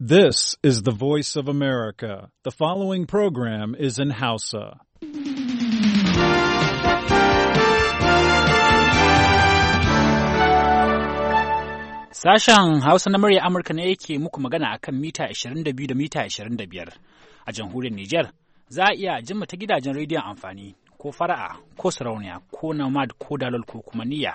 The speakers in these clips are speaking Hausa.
This is the voice of America. The following program is in Hausa. Sashen Hausa na murya Amurka ne yake muku magana akan mita 22 da mita 25 a jamhuriyar Nijar. Za a iya jimma ta gidajen rediyon amfani ko fara'a ko sarauniya ko namad ko dalol ko kuma niyya.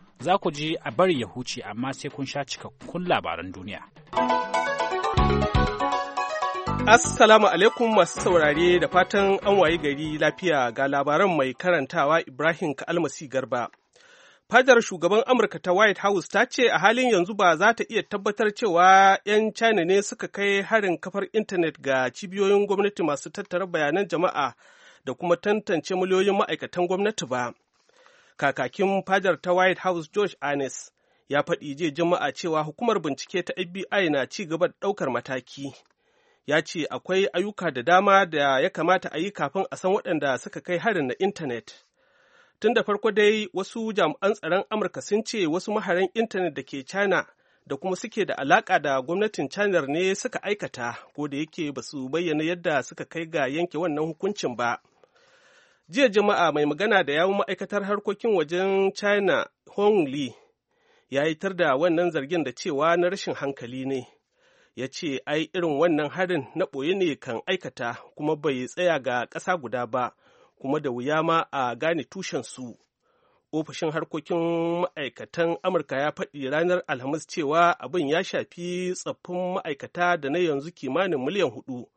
za ku ji a bari ya huce amma sai kun sha cikakkun labaran duniya. Assalamu alaikum masu saurare da fatan an waye gari lafiya ga labaran mai karantawa Ibrahim Kalmasi Garba. Fadar shugaban Amurka ta White House ta ce a halin yanzu ba za ta iya tabbatar cewa 'yan China ne suka kai harin kafar intanet ga cibiyoyin gwamnati masu tattara bayanan jama'a da kuma tantance miliyoyin ma'aikatan gwamnati ba. kakakin fadar ta white house george arnes ya faɗi jiya jama'a cewa hukumar bincike ta fbi na ci gaba da ɗaukar mataki ya ce akwai ayyuka da dama da ya kamata a yi kafin a san waɗanda suka kai harin na intanet tun da farko dai wasu jami'an tsaron amurka sun ce wasu maharan intanet da ke china da kuma suke da alaƙa da gwamnatin china ne suka aikata ko da yake ba su bayyana yadda suka kai ga yanke wannan hukuncin ba jiya juma'a mai magana da yawun ma'aikatar harkokin wajen china hong li ya yitar da wannan zargin da cewa na rashin hankali ne ya ce ai irin wannan harin na ɓoye ne kan aikata kuma bai tsaya ga ƙasa guda ba kuma da wuya ma a gane tushensu ofishin harkokin ma'aikatan amurka ya faɗi ranar alhamis cewa abin ya shafi tsaffin ma'aikata da na yanzu kimanin miliyan hudu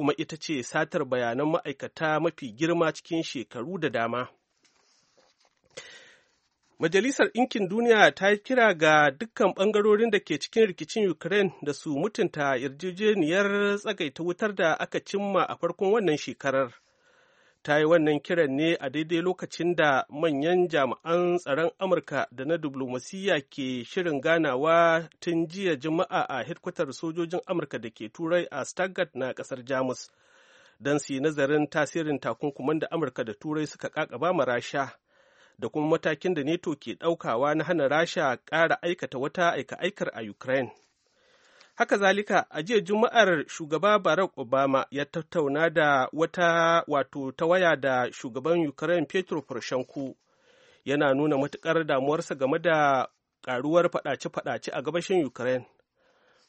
kuma ita ce satar bayanan ma'aikata mafi girma cikin shekaru da dama. Majalisar Ɗinkin Duniya ta yi kira ga dukkan ɓangarorin da ke cikin rikicin Ukraine da su mutunta yarjejeniyar tsagaita wutar da aka cimma a farkon wannan shekarar. ta yi wannan kiran ne a daidai lokacin da manyan jami'an tsaron amurka da na diplomasiyya ke shirin ganawa tun jiya juma'a a hedkwatar sojojin amurka da ke turai a stuttgart na kasar jamus don su yi nazarin tasirin takunkuman da amurka da turai suka kakaba ma rasha da kuma matakin da neto ke daukawa na hana rasha ƙara aikata wata aika-aikar a ukraine Haka zalika a jiya Juma'ar shugaba Barack Obama ya tattauna da wata wato ta waya da shugaban Ukraine Petro Poroshenko yana nuna matukar damuwarsa game da karuwar faɗace-faɗace a gabashin Ukraine.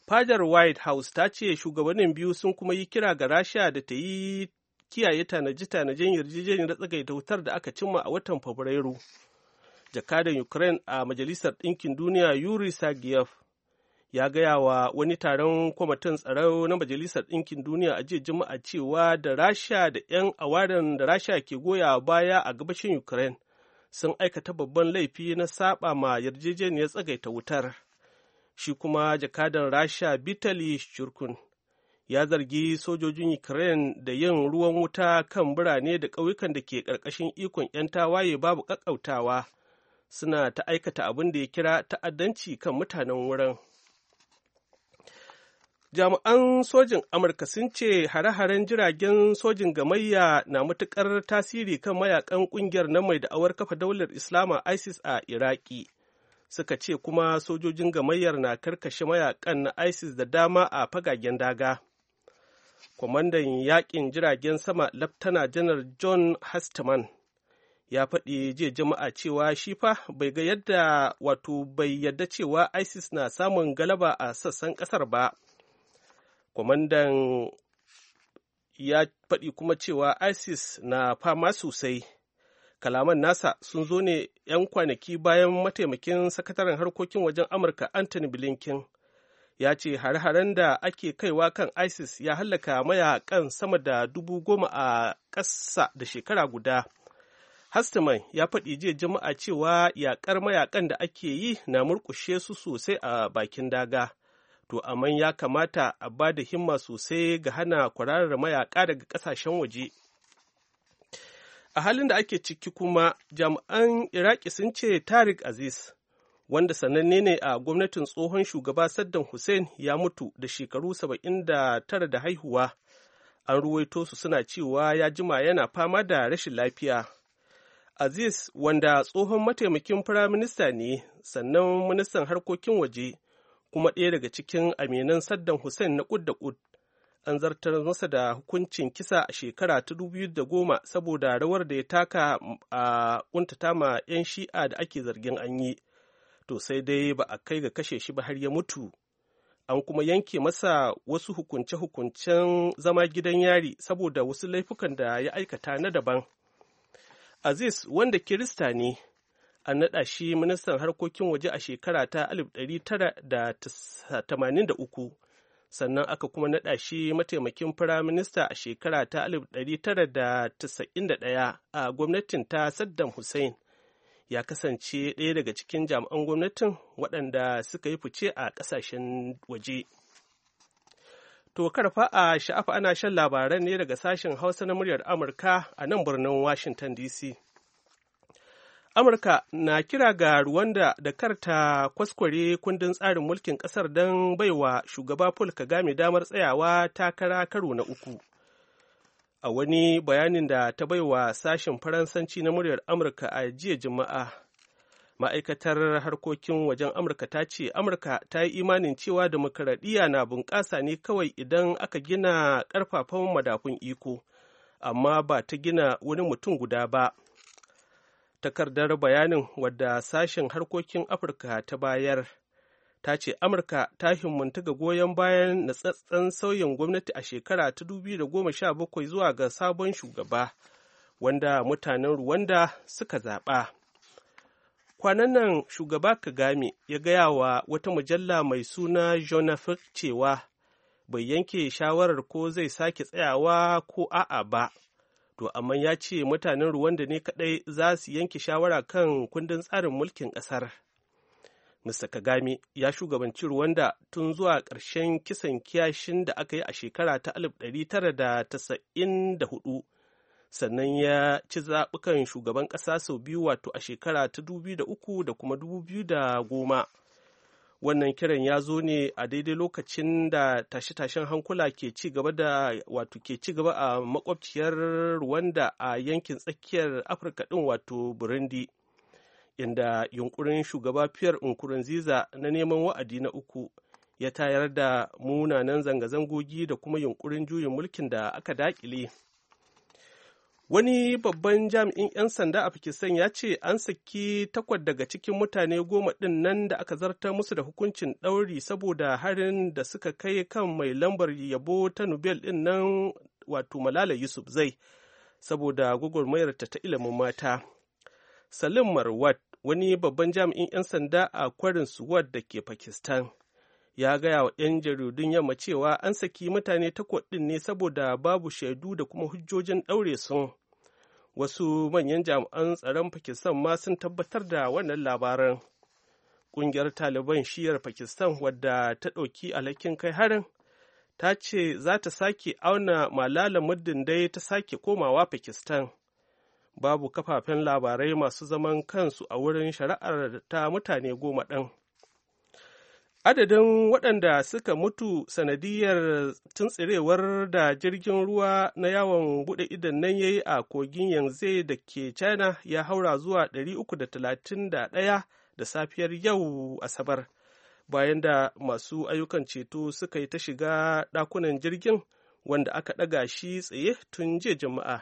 Fajar White House ta ce shugabannin biyu sun kuma yi kira ga Rasha da ta yi kiyaye tanaji tanajen yarjejeniyar tsagaita wutar da aka cimma a watan Fabrairu. Jakadan Ukraine a Majalisar Ɗinkin Duniya Yuri Sagiyev ya gaya wa wani taron kwamitin tsaro na majalisar ɗinkin duniya a jiya juma'a cewa da rasha da 'yan awarin da rasha ke goya baya a gabashin ukraine sun aikata babban laifi na saba ma yarjejeniyar tsagaita wutar shi kuma jakadan rasha bitali shurkun ya zargi sojojin ukraine da yin ruwan wuta kan birane da ƙauyukan da ke ƙarƙashin ikon 'yan tawaye babu ƙaƙƙautawa suna ta aikata abin da ya kira ta'addanci kan mutanen wurin jami'an sojin amurka sun ce hare-haren jiragen sojin gamayya na matuƙar tasiri kan mayakan ƙungiyar na mai da'awar kafa daular islama isis a iraki suka ce kuma sojojin gamayyar na karkashe mayakan na isis da dama a fagagen daga kwamandan yakin jiragen sama laftana janar john hastaman ya faɗi jiya jama'a cewa shi fa bai ga yadda wato bai yadda cewa isis na samun galaba a sassan ƙasar ba kwamandan ya faɗi kuma cewa isis na fama sosai kalaman nasa sun zo ne 'yan kwanaki bayan mataimakin sakataren harkokin wajen amurka anthony blinken ya ce hare-haren da ake kaiwa kan isis ya hallaka mayakan sama da dubu goma a ƙasa da shekara guda hastaman ya faɗi jiya jama'a cewa yaƙar mayakan da ake yi na murƙushe su sosai a bakin daga to amma ya kamata a ba da himma sosai ga hana kwararar mayaka daga kasashen waje a halin da ake ciki kuma jami'an iraki sun ce Tariq aziz wanda sananne ne a gwamnatin tsohon shugaba saddam hussein ya mutu da shekaru saba'in 79 da haihuwa an ruwaito su suna cewa ya jima yana fama da rashin lafiya aziz wanda tsohon mataimakin firaminista ne sannan ministan harkokin waje kuma ɗaya daga cikin aminan Saddam Hussein na ƙud da ƙud. An zartar masa da hukuncin kisa a shekara ta goma saboda rawar da ya taka mm, a ƙuntata ma 'yan shi'a da ake zargin an yi. To sai dai ba a kai ga kashe shi ba har ya mutu. An kuma yanke masa wasu hukunce-hukuncen zama gidan yari saboda wasu laifukan da ya aikata na daban. Aziz wanda Kirista ne an naɗa shi ministan harkokin waje a shekara ta 1983 sannan aka kuma naɗa shi mataimakin firaminista a shekara ta 1991 a gwamnatin ta Saddam Hussein. Ya kasance ɗaya daga cikin jami'an gwamnatin waɗanda suka yi fice a ƙasashen waje. To karfa a sha'afa ana shan labaran ne daga sashen Hausa na muryar Amurka a nan birnin Washington DC. Amurka na kira ga Rwanda da karta kwaskware kundin tsarin mulkin ƙasar don baiwa shugaba Paul Kagame damar tsayawa takara karo na uku. A wani bayanin da ta baiwa sashen Faransanci na muryar Amurka a jiya Juma'a, ma'aikatar harkokin wajen Amurka ta ce Amurka ta yi imanin cewa demokaradiyya na bunƙasa ne kawai idan aka gina ƙarfafan madafun iko, amma ba ta gina wani mutum guda ba. takardar bayanin wadda sashen harkokin afirka ta bayar ta ce amurka ta himmantu ga goyon bayan natsatsen sauyin gwamnati a shekara ta 2017 zuwa ga sabon shugaba wanda mutanen ruwanda suka zaɓa kwanan nan shugaba kagame ya gaya wa wata mujalla mai suna jonathan cewa bai yanke shawarar ko zai sake tsayawa ko a'a ba to amma ya ce mutanen ruwanda ne kaɗai za su yanke shawara kan kundin tsarin mulkin ƙasar. Mr. Kagame ya shugabanci Rwanda tun zuwa ƙarshen kisan kiyashin da aka yi a shekara ta 1994 sannan ya ci zaɓukan shugaban ƙasa sau biyu wato a shekara ta 2003 da kuma 2010. wannan kiran ya zo ne a daidai lokacin da tashe-tashen hankula ke ci gaba da wato ke ci gaba a makwabciyar Rwanda a yankin tsakiyar Afirka din wato Burundi inda yunkurin shugaba Pierre ziza na neman wa'adi na uku ya tayar da munanan zanga-zangogi da kuma yunkurin juyin mulkin da aka daƙile. Wani babban jami'in 'yan sanda a Pakistan ya ce an saki takwas daga cikin mutane goma ɗin nan da aka zarta musu da hukuncin ɗauri saboda harin da suka kai kan mai lambar yabo ta Nobel ɗin nan wato Malala Yusuf zai saboda gwagwarmayarta ta ilimin mata. Salim Marwat wani babban jami'in 'yan sanda a kwarin Suwad da ke Pakistan. ya gaya wa 'yan jaridun yamma cewa an saki mutane takwas ɗin ne saboda babu shaidu da kuma hujjojin ɗaure sun wasu manyan jami'an tsaron pakistan ma sun tabbatar da wannan labaran ƙungiyar taliban shiyar pakistan wadda ta ɗauki alhakin kai harin ta ce za ta sake auna malala muddin dai ta sake komawa pakistan babu kafafen labarai masu zaman kansu a wurin shari'ar ta mutane goma ɗin Adadin waɗanda suka mutu sanadiyar tuntsirewar da jirgin ruwa na yawon buɗe idon nan ya yi a kogin yanzu da ke China ya haura zuwa 331 da safiyar yau Asabar, bayan da masu ayyukan ceto suka yi ta shiga ɗakunan jirgin wanda aka ɗaga shi tsaye tun jiya jama'a.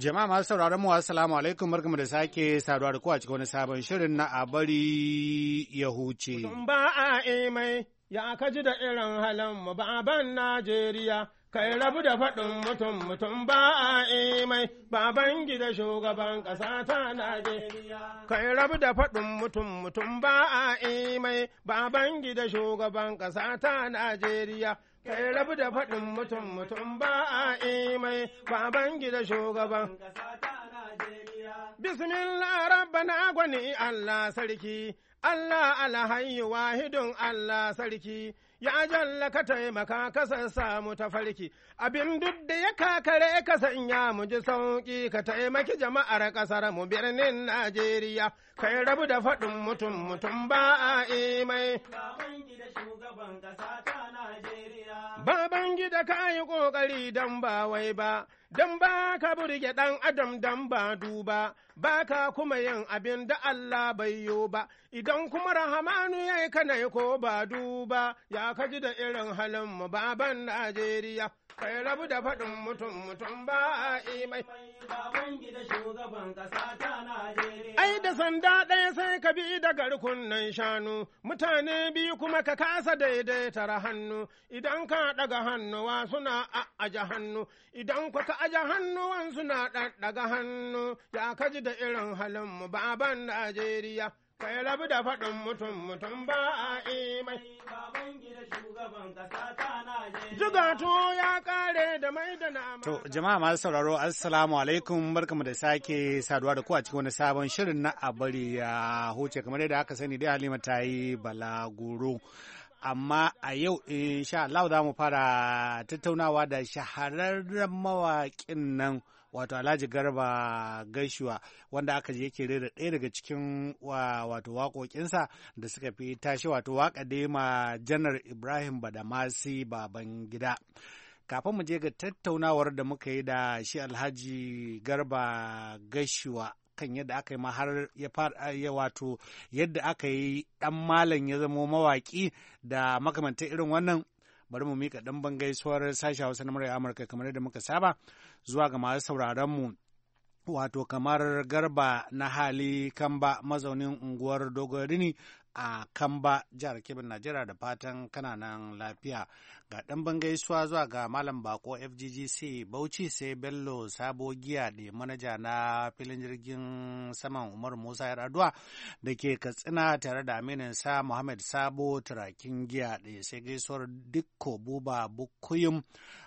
Jama'a masu sauraron mu assalamu alaikum barkamu da sake saduwa da ku a cikin wani sabon shirin na a bari ya huce. Ba a imai ya kaji da irin halin mu ba ban Najeriya kai rabu da faɗin mutum mutum ba a imai baban gida shugaban ƙasa ta Najeriya. Kai rabu da faɗin mutum mutum ba a imai baban gida shugaban ƙasa ta Najeriya. kai rabu da faɗin mutum mutum ba a imai baban gida shugaban bismillah rabbana gwani allah sarki allah alhayyu wahidun allah sarki ya jalla ka taimaka kasan samu tafarki. abin duk da ya kakare ka sanya mu ji sauki ka taimaki jama'ar kasar mu birnin Najeriya kai rabu da faɗin mutum mutum ba a imai baban gida ka yi ƙoƙari don ba wai ba dan ba ka burge ɗan adam don ba duba, ba ka kuma yin abin da Allah bai yo ba, idan kuma rahamanu ya yi kanai ko ba duba, ya ji da irin halin mu baban Najeriya. Kai rabu da faɗin mutum mutum ba a imai. Ai da sanda ɗaya. ka bi daga rukunnan shanu, mutane biyu kuma ka kasa daidaitar hannu, idan ka ɗaga hannuwa suna aja hannu, idan ka ka aja hannuwan suna daga hannu, ya kaji da irin halin mu baban Najeriya. Kai da faɗin mutum mutum ba a imai. shugaban ya kare da mai da nama. To jama'a masu sauraro assalamu alaikum barkamu da sake saduwa da ku a cikin wani sabon shirin na abari ya huce kamar yadda aka sani dai Halima ta yi balaguro. amma a yau insha Allah za mu fara tattaunawa da shahararren mawaƙin nan wato Alhaji Garba Gaishuwa wanda aka je yake rera ɗaya daga cikin wato waƙoƙinsa da suka fi tashi wato waƙa dai ma Janar Ibrahim Badamasi Babangida. gida. kafin mu je ga tattaunawar da muka yi da shi alhaji garba gashuwa kan yadda aka yi ma har ya fara wato yadda aka yi dan malam ya zamo mawaki da makamantar irin wannan bari mu mika ɗan gaisuwar sashi Hausa na murya Amurka kamar yadda muka saba zuwa ga masu sauraron mu wato kamar garba na hali kamba mazaunin unguwar dogorini a kamba jihar kebbi najeriya da fatan kananan lafiya Ga ɗan gaisuwa zuwa ga Malam Bako FGGC Bauchi sai Bello Sabo Giya da manaja na filin jirgin saman Umar Musa Yar'adua da ke Katsina tare da aminin sa Muhammad Sabo Turakin Giya da sai gaisuwar dukko Buba Bukuyum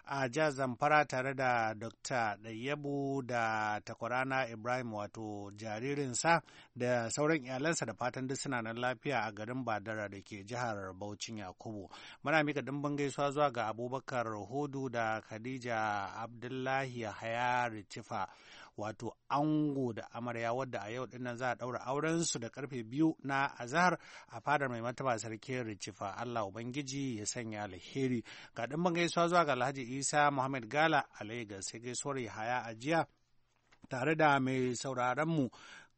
a jihar Zamfara tare da Dr. ɗayyabu da takwarana Ibrahim wato jaririnsa da sauran iyalansa da fatan duk suna nan lafiya a garin Badara da ke jihar Bauchin Yakubu. Muna mika dimbin gaisuwa zuwa ga abubakar hudu da khadija abdullahi haya ricifa wato ango da amarya wadda a yau dinnan za a daura auren su da karfe biyu na azahar a fadar mai mataba sarkin ricifa allah ubangiji ya sanya alheri ga dimbin gaisuwa zuwa ga alhaji isa muhammad gala a lagos sai gaisuwar haya a jiya tare da mai sauraronmu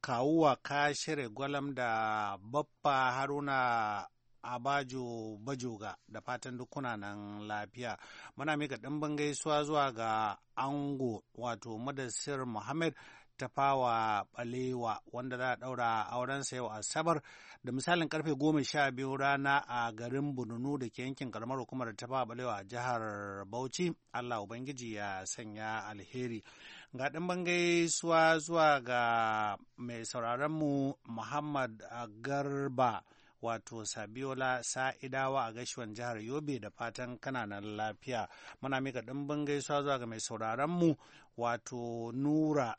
kawuwa kashire gwalam da baffa haruna Abajo Bajoga da fatan duk nan lafiya. Muna mika ɗan gaisuwa zuwa ga ango wato madasir Muhammad tafawa balewa wanda za a ɗaura aurensa yau asabar da misalin karfe goma sha biyu rana a garin bununu da ke yankin karamar hukumar tafawa balewa a jihar bauchi allah ubangiji ya sanya alheri ga ɗan bangai suwa zuwa ga mai sauraronmu muhammad garba wato sabiola sa'idawa a gashiwan jihar yobe da fatan kananan lafiya muna mika ɗimbin gaisuwa zuwa ga mai sauraron mu wato nura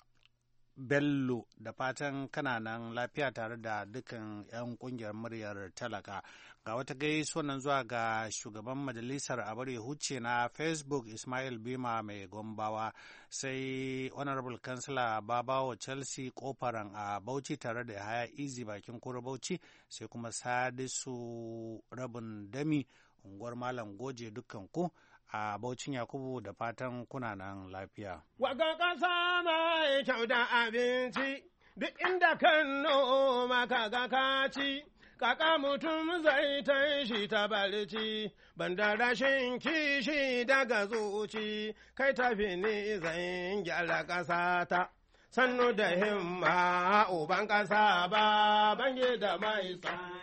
Bello da fatan kana nan lafiya tare da dukkan 'yan kungiyar muryar talaka. Ga wata gai sunan zuwa ga shugaban majalisar a abar huce na Facebook Ismail Bima mai gombawa sai Honorable Kansila babawa Chelsea kofaran a Bauchi tare da haya izi bakin koro Bauchi sai kuma Sadisu rabin dami unguwar Malam Goje dukkan ku a Baucin Yakubu da fatan kuna nan lafiya. Waga ƙasa mai kyau da abinci, duk inda kan noma ka kaga kaci, kaka mutum zai ta shi ta barci, da rashin kishi daga zuci, kai tafi ni zan gyara ƙasa ta. Sannu da himma, uban ƙasa ba, bange da mai tsara.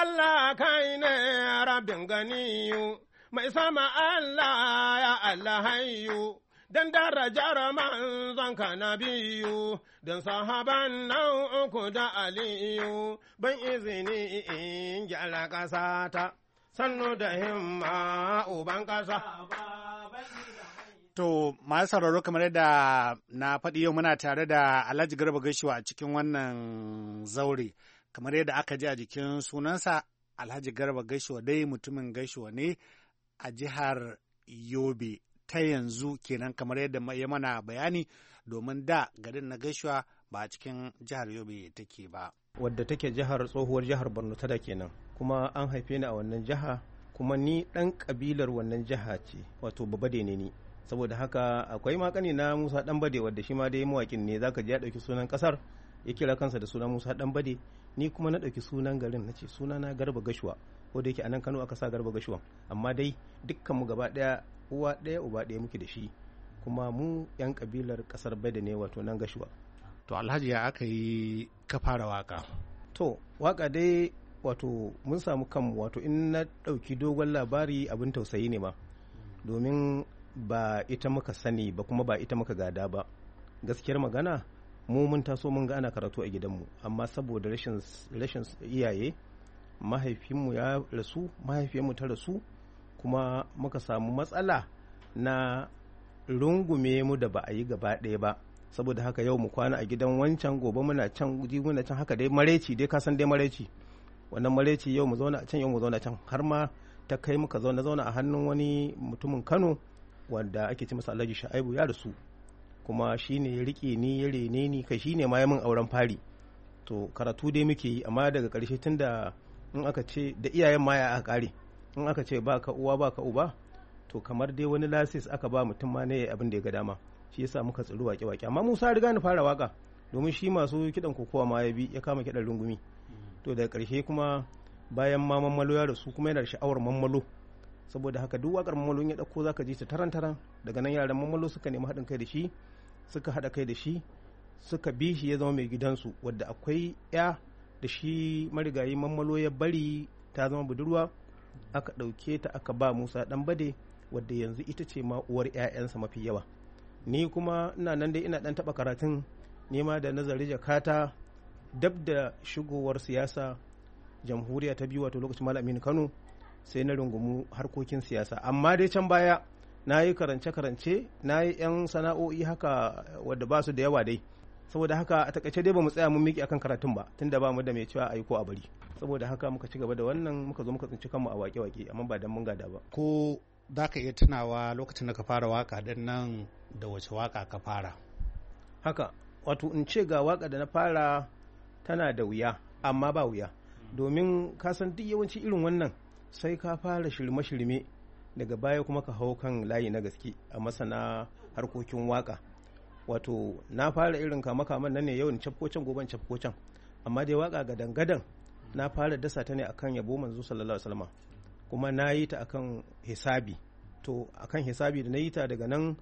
Allah kai ne rabin yu, mai sama Allah ya Allah hayu. don darajar manzon ka na biyu, don sahaban nan uku da aliyu, ban izini in gyara ƙasa ta, sannu da himma uban ƙasa. To, masu sauraro kamar da na faɗi yau muna tare da Alhaji Garba Gashiwa a cikin wannan zaure. kamar yadda aka ji a jikin sunansa alhaji garba gaishewa dai mutumin gaishewa ne a jihar yobe ta yanzu kenan kamar yadda ya mana bayani domin da garin na gaishewa ba a cikin jihar yobe take ba wadda take jihar tsohuwar jihar borno tada kenan kuma an haife ni a wannan jiha kuma ni dan kabilar wannan jiha ce wato babade ne ni saboda haka akwai makani na musa dan bade wadda shi ma dai mawakin ne zaka ji ya dauki sunan kasar ya kira kansa da sunan musa dan bade ni kuma na ɗauki sunan garin na ce na garba gashuwa ko da yake anan kano aka sa garba gashuwa amma dai dukkan mu gaba ɗaya uwa ɗaya uba ɗaya muke da shi kuma mu yan kabilar ƙasar bada ne wato nan gashuwa to alhaji ya aka yi ka fara waka to waka dai wato mun samu kanmu wato in na ɗauki dogon labari abin tausayi ne ma domin ba ita muka sani ba kuma ba ita muka gada ba gaskiyar magana mu mun taso mun ga ana karatu a gidanmu amma saboda rashin iyaye mahaifinmu ya rasu mahaifiyarmu ta rasu kuma muka samu matsala na rungume mu da ba a yi gaba ɗaya ba saboda haka yau mu kwana a gidan wancan gobe muna can muna can haka dai mareci dai kasan dai mareci wannan mareci yau mu zauna a can yau mu zauna can har ma ta kai muka zauna zauna a hannun wani mutumin kano wanda ake ci masa alhaji sha'aibu ya rasu kuma ne ya riƙe ni ya rene ni kai ne ma ya min auren fari to karatu dai muke yi amma daga ƙarshe tun da in aka ce da iyayen maya ya aka kare in aka ce ba ka uwa ba ka uba to kamar dai wani lasis aka ba mutum ma ne abin da ya ga dama shi yasa muka tsiri wake wake amma Musa riga ni fara waka domin shi masu kiɗan kokowa ma ya bi ya kama kiɗan rungumi to daga ƙarshe kuma bayan ma mammalo ya rasu kuma yana da sha'awar mammalo saboda haka duk wakar mammalo ya dauko zaka ji ta tarantaran daga nan yaran mammalo suka nemi haɗin kai da shi suka haɗa kai da shi suka bi shi ya zama mai gidansu wadda akwai ya da shi marigayi mammalo ya bari ta zama budurwa aka ɗauke ta aka ba musa ɗan bade wadda yanzu ita ce ma uwar 'ya'yansa mafi yawa ni kuma ina nan dai ina ɗan taɓa karatun nema da nazari jakata dab da shigowar siyasa jamhuriya ta biyu wato lokacin malamin kano sai na rungumu harkokin siyasa amma dai can baya na yi karance-karance na yi 'yan sana'o'i haka wadda ba su da yawa dai saboda haka a takaice dai ba mu tsaya mun miki akan karatun ba tunda ba mu da mai cewa ayi ko a bari saboda haka muka ci gaba da wannan muka zo muka tsinci kanmu a waƙe-waƙe amma ba dan mun gada ba ko za ka iya tunawa lokacin da ka fara waka din nan da wace waka ka fara haka wato in ce ga waka da na fara tana da wuya amma ba wuya hmm. domin ka san duk yawanci irin wannan sai ka fara shirme-shirme daga baya kuma ka hau kan layi na gaske a masana harkokin waka wato na fara irin kama kaman nan ne yau can goban can amma dai waka gadan gadan na fara dasa ta ne akan yabo manzo sallallahu alaihi wasallam kuma na yi ta akan hisabi to akan hisabi da na yi ta daga nan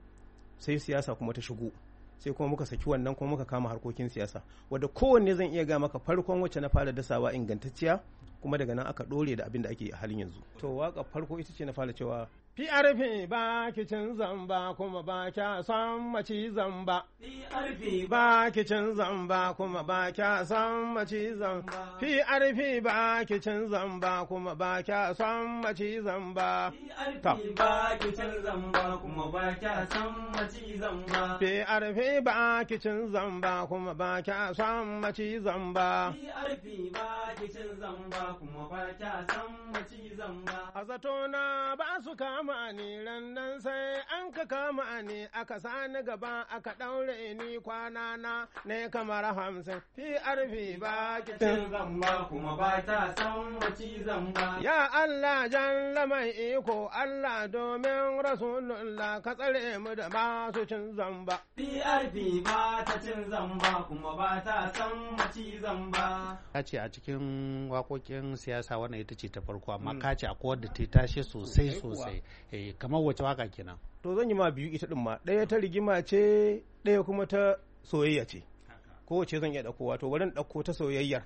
sai siyasa kuma ta shigo sai kuma muka saki wannan kuma muka kama harkokin siyasa wadda kowanne zan iya ga maka farkon wacce na fara dasawa ingantacciya kuma daga nan aka dore da abin da ake a halin yanzu to waka farko ita ce na fara cewa PRP ba kicin zamba kuma ba kya san maci zamba. PRP ba kicin zamba kuma ba kya san maci zamba. PRP ba kicin zamba kuma ba kya san maci zamba. PRP ba kicin zamba kuma ba kya san maci zamba. PRP ba kicin zamba kuma ba kya san maci zamba. PRP ba kicin zamba kuma ba ta san zan ba. A zato na ba su kama ni randan sai an ka kama ni aka sani gaba aka ɗaure ni kwana na ne kamar hamsin. Fi arfi ba ki cin zamba kuma ba ta san zan ba. Ya Allah jalla mai iko Allah domin rasulullah ka tsare mu da masu cin zamba. Fi arfi ba ta cin zamba kuma ba ta san zan ba. Ya ce a cikin waƙoƙin 'yan siyasa wannan ita ce ta farko amma hmm. ka ce akwai wadda ta tashe sosai sosai eh, kamar wace waka kenan to zan yi ma biyu ita din ma daya ta rigima ce ɗaya kuma ta soyayya ce kowace zan iya ɗauko wato barin dauko ta soyayyar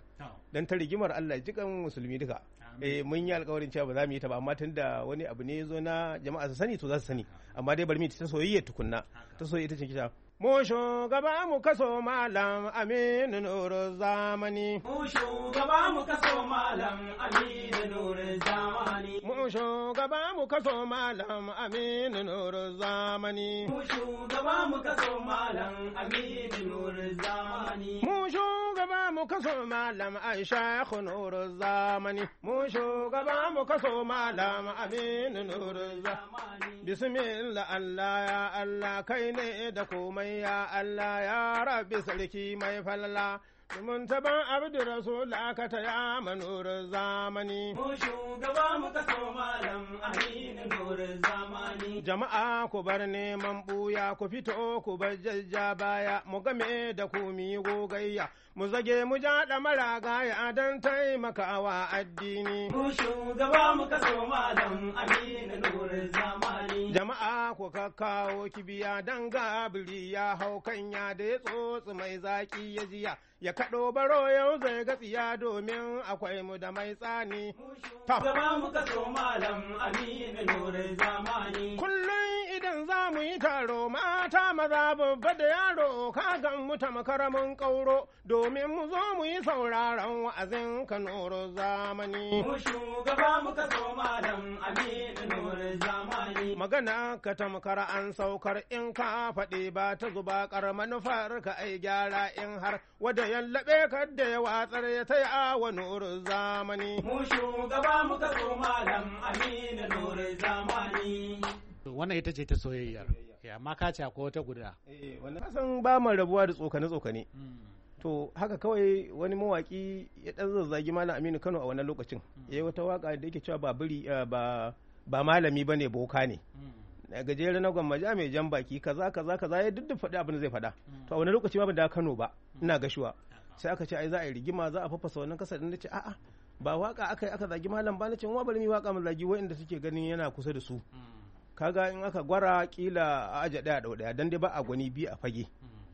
dan ta rigimar Allah jikan musulmi duka eh mun yi alƙawarin cewa ba za mu yi ta ba amma tunda wani abu ne ya zo na jama'a su sani to za su sani amma dai bari mu ta soyayya tukunna ta soyayya ta cikin Mu shugaba mu kaso malam Aminu Nuru zamani. Mu shugaba mu kaso malam Aminu Nuru zamani. Mu shugaba mu kaso malam Aminu Nuru zamani. Mu shugaba mu kaso malam Aminu Nuru zamani. Mu shugaba mu kaso malam Aisha Nuru zamani. Mu shugaba mu kaso malam Aminu Nuru zamani. Bismillah Allah ya Allah kai ne da komai ya Allah ya rabbi sarki mai falala domin taban abdu rasul ka ta ya manur zamani. Mu shugaba muka so malam aminu nur zamani. Jama'a ku bar neman buya ku fito ku bar jajja baya mu game da ku mi gogayya. mu zage mu ja ɗamara gaya don taimakawa addini. Mu shugaba mu kaso malam amina nur zamani. Jama'a ku kakkawo kibiya dan gabri ya hau kanya da ya tsotsi mai zaki ya jiya. Ya kaɗo baro yau zai gatsiya domin akwai mu da mai tsani. Gaba mu kaso malam amina nur zamani. Kullum idan za mu yi taro mata maza babba da yaro kagan mu ta makaramin ƙauro. domin mu zo mu yi sauraron wa'azin ka nuru zamani. Mu shugaba muka zo malam aminu nuru zamani. Magana ka tamkar an saukar in ka faɗi ba ta zuba ƙar manufar ka ai gyara in har wada yallaɓe ka da ya watsar ya ta wa nuru zamani. Mu shugaba muka zo malam aminu nuru zamani. Wannan ita ce ta soyayyar. Amma ka ce ko ta guda. Eh, Kasan ba mu rabuwa da tsokane-tsokane. Hmm. to haka kawai wani mawaki ya dan zazzagi malam aminu kano a wannan lokacin hmm. ya yi wata waka da yake cewa ba biri eh, ba ba ne boka ne hmm. gajere na gwammaja mai jan baki kaza kaza kaza ya duk faɗi abin da zai faɗa hmm. to a wani lokaci ba da kano ba ina gashuwa sai aka ce ai za a yi rigima za a fafasa wannan kasa din nace a'a ba waka aka yi aka zagi malam ba nace wa bari mi waka mun zagi waɗanda suke ganin yana kusa da su kaga in aka gwara kila a aja daya da daya dan dai ba a gwani bi a fage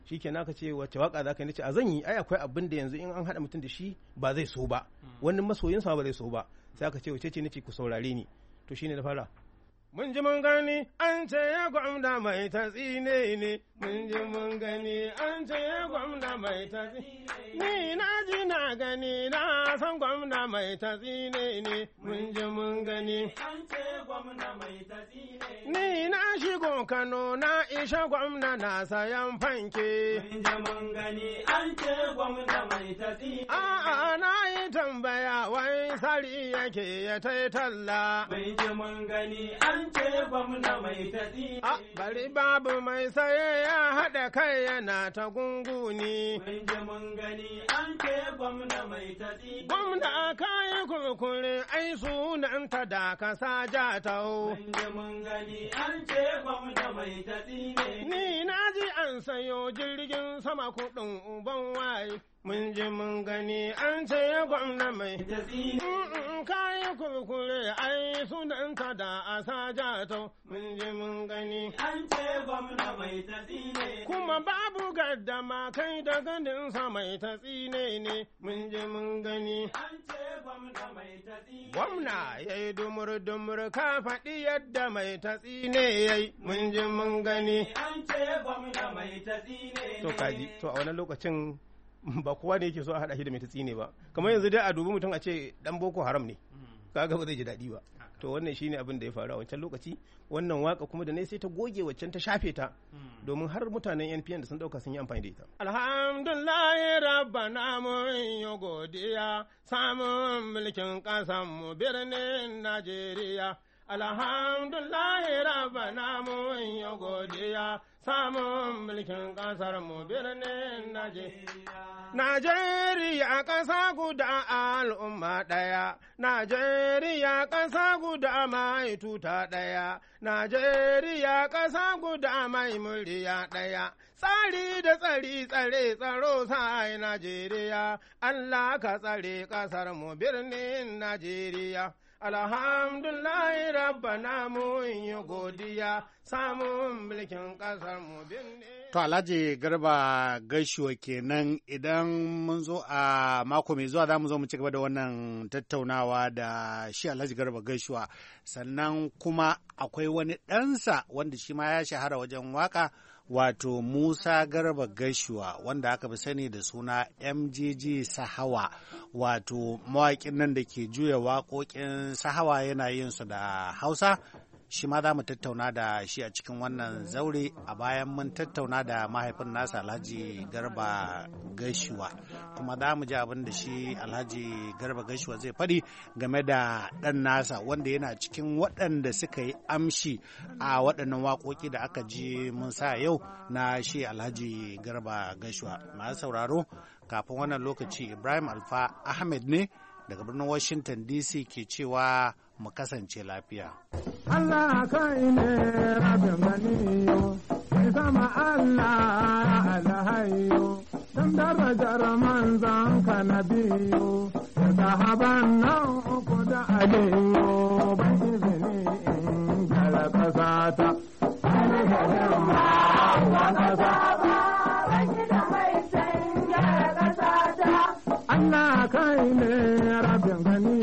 shi na naka ce wace waka zaka yi ce a zan yi ai akwai abin da yanzu in an haɗa mutum da shi ba zai so ba hmm. wani masoyin sa ba zai so ba sai aka ce wace ce nace ku saurare ni to shine na fara mun ji mun gani an ce ya amda mai ta ne mun ji mun gani an ce gwamna mai tatsi ni na ji na gani na san gwamna mai tatsi ne ne mun ji mun gani an ce gwamna mai tatsi ne ni na shigo Kano na isha gwamna na sayan fanke mun ji mun gani an ce gwamna mai tatsi a'a na yi tambaya wai sari yake ya tai talla mun ji mun gani an ce gwamna mai tatsi a bari babu mai saye ya haɗa kai yana ta gunguni. gwamna mai kayi kurkure ai sunanta da ka sa ja tau. Ni na ji an sayo jirgin sama kuɗin uban waye. Mun ji mun gani an ce ya gwamna mai kayi kurkure ai ta da jato mun ji mun gani an ce gwamna mai tatsi kuma babu ma kai da ganinsa mai ta ne ne mun ji mun gani an ce gwamna mai tatsi gwamna ya yi dumur-dumur ka faɗi yadda mai ta tsine ya yi mun ji mun gani an ce gwamna mai tatsi ne to kaji to a wani lokacin ba kowa ne yake so a hada shi da mai tsine ba kamar yanzu dai a dubi mutum a ce dan boko haram ne kaga ba zai ji daɗi ba to wannan shine abin da ya faru a wancan lokaci wannan waka kuma da ne sai ta goge waccan ta shafe ta hmm. domin har mutanen NPN da sun dauka sun yi amfani da ita alhamdulillah rabbana mun yi godiya samun mulkin kasan mu birnin Najeriya Alhamdulillah, rabbana mun yi godiya samun mulkin ƙasar mu birnin Najeriya. Najeriya ƙasa guda al'umma ɗaya, Najeriya ƙasa guda mai tuta ɗaya, Najeriya ƙasa guda mai murya ɗaya. Tsari da tsari tsare tsaro sai Najeriya, Allah ka tsare ƙasar mu birnin Najeriya. Alhamdulillahi rabbana mun yi godiya samun mulkin ƙasar mu To Alhaji Garba gaishuwa kenan idan mun zo a mako mai zuwa za mu zo mu ci gaba da wannan tattaunawa da shi Alhaji Garba gaishuwa sannan kuma akwai wani ɗansa wanda shi ma ya shahara wajen waka. wato Musa Garba Gashuwa wanda aka fi sani da suna MJJ Sahawa wato mawaƙin nan da ke juya waƙoƙin Sahawa yana yin su da Hausa shi ma za mu tattauna da shi a cikin wannan zaure a bayan mun tattauna da mahaifin nasa alhaji garba gashiwa kuma za mu ji abin da shi alhaji garba gashiwa zai faɗi game da ɗan nasa wanda yana cikin waɗanda suka yi amshi a waɗannan waƙoƙi da aka ji mun sa yau na shi alhaji garba gashiwa masu sauraro kafin wannan lokaci ibrahim alfa ahmed ne daga birnin washington dc ke cewa mu kasance lafiya. Allah ka ne rabin gani mai sama Allah alhayo, don darajar manzan ka na biyo, da sahaban nan uku da aliyo, ban izini in gara kasa ba, Allah ka ne rabin ganiyo.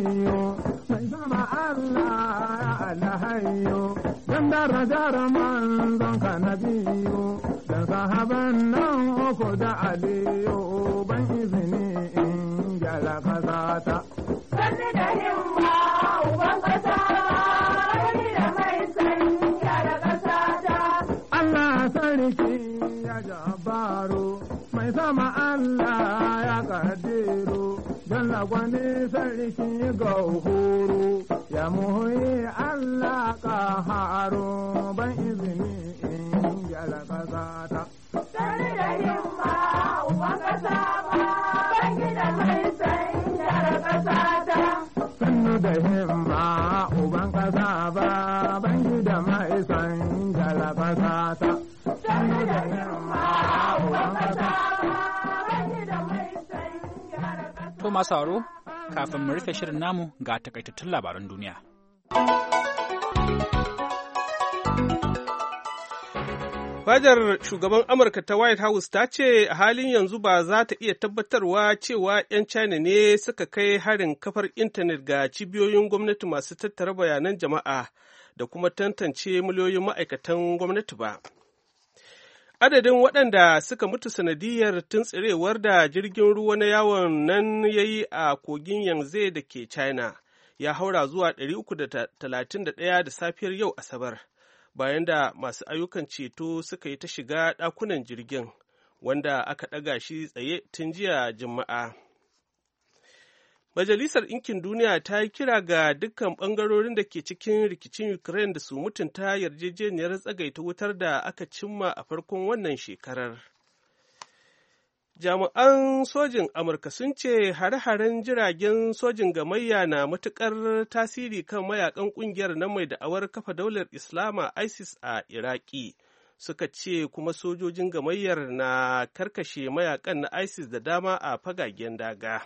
darajar manzon ka na biyu da sahaban nan uku da aliyu ban izini in gyara kaza ta. Sannu da himma uban kasa wani da mai san gyara kasa ta. Allah sarki ya jabaru mai sama Allah ya kadiro, don lagwani sarki ga horo ya muhimmi. aro ban izini in gyara ta. da himma uba kasa ba, ban gida mai san gyara ta. Sannu da himma uban kasa ta. Sannu da himma uban kasa ta. kafin mu rufe shirin namu ga takaitattun labaran duniya. Fadar shugaban Amurka ta White House ta ce a halin yanzu ba za ta iya tabbatarwa cewa 'yan China ne suka kai harin kafar intanet ga cibiyoyin gwamnati masu tattara bayanan jama'a da kuma tantance miliyoyin ma'aikatan gwamnati ba. Adadin waɗanda suka mutu sanadiyar tuntsirewar da jirgin ruwa na yawon nan ya yi a kogin Yanzu da ke China ya haura zuwa 331 da safiyar yau Asabar. bayan da masu ayyukan ceto suka yi ta shiga ɗakunan jirgin wanda aka ɗaga shi tsaye tun jiya juma'a majalisar ɗinkin duniya ta yi kira ga dukkan ɓangarorin da ke cikin rikicin ukraine da su mutunta yarjejeniyar tsagaita wutar da aka cimma a farkon wannan shekarar jami'an sojin amurka sun ce hare-haren jiragen sojin gamayya na matukar tasiri kan mayakan ƙungiyar na mai da'awar kafa daular islama isis a iraki suka ce kuma sojojin gamayyar na karkashe mayakan na isis da dama a fagagen daga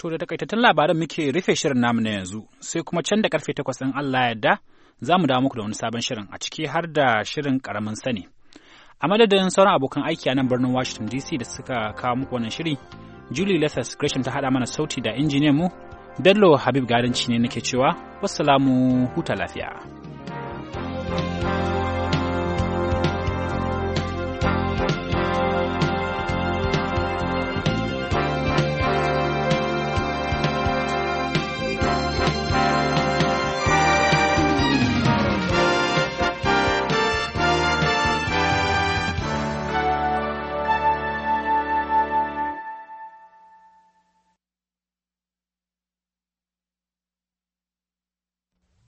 to da takaitattun labaran muke rufe shirin namu na yanzu sai kuma can da karfe takwas in allah yadda za mu dawo muku da wani sabon shirin a ciki har da shirin karamin sani. A madadin sauran abokan aiki a nan birnin Washington DC da suka kawo muku wannan shiri, Julie Lethas Gresham ta haɗa mana sauti da injiniyan mu, Bello Habib Gadanci ne nake cewa, wasu wassalamu huta lafiya.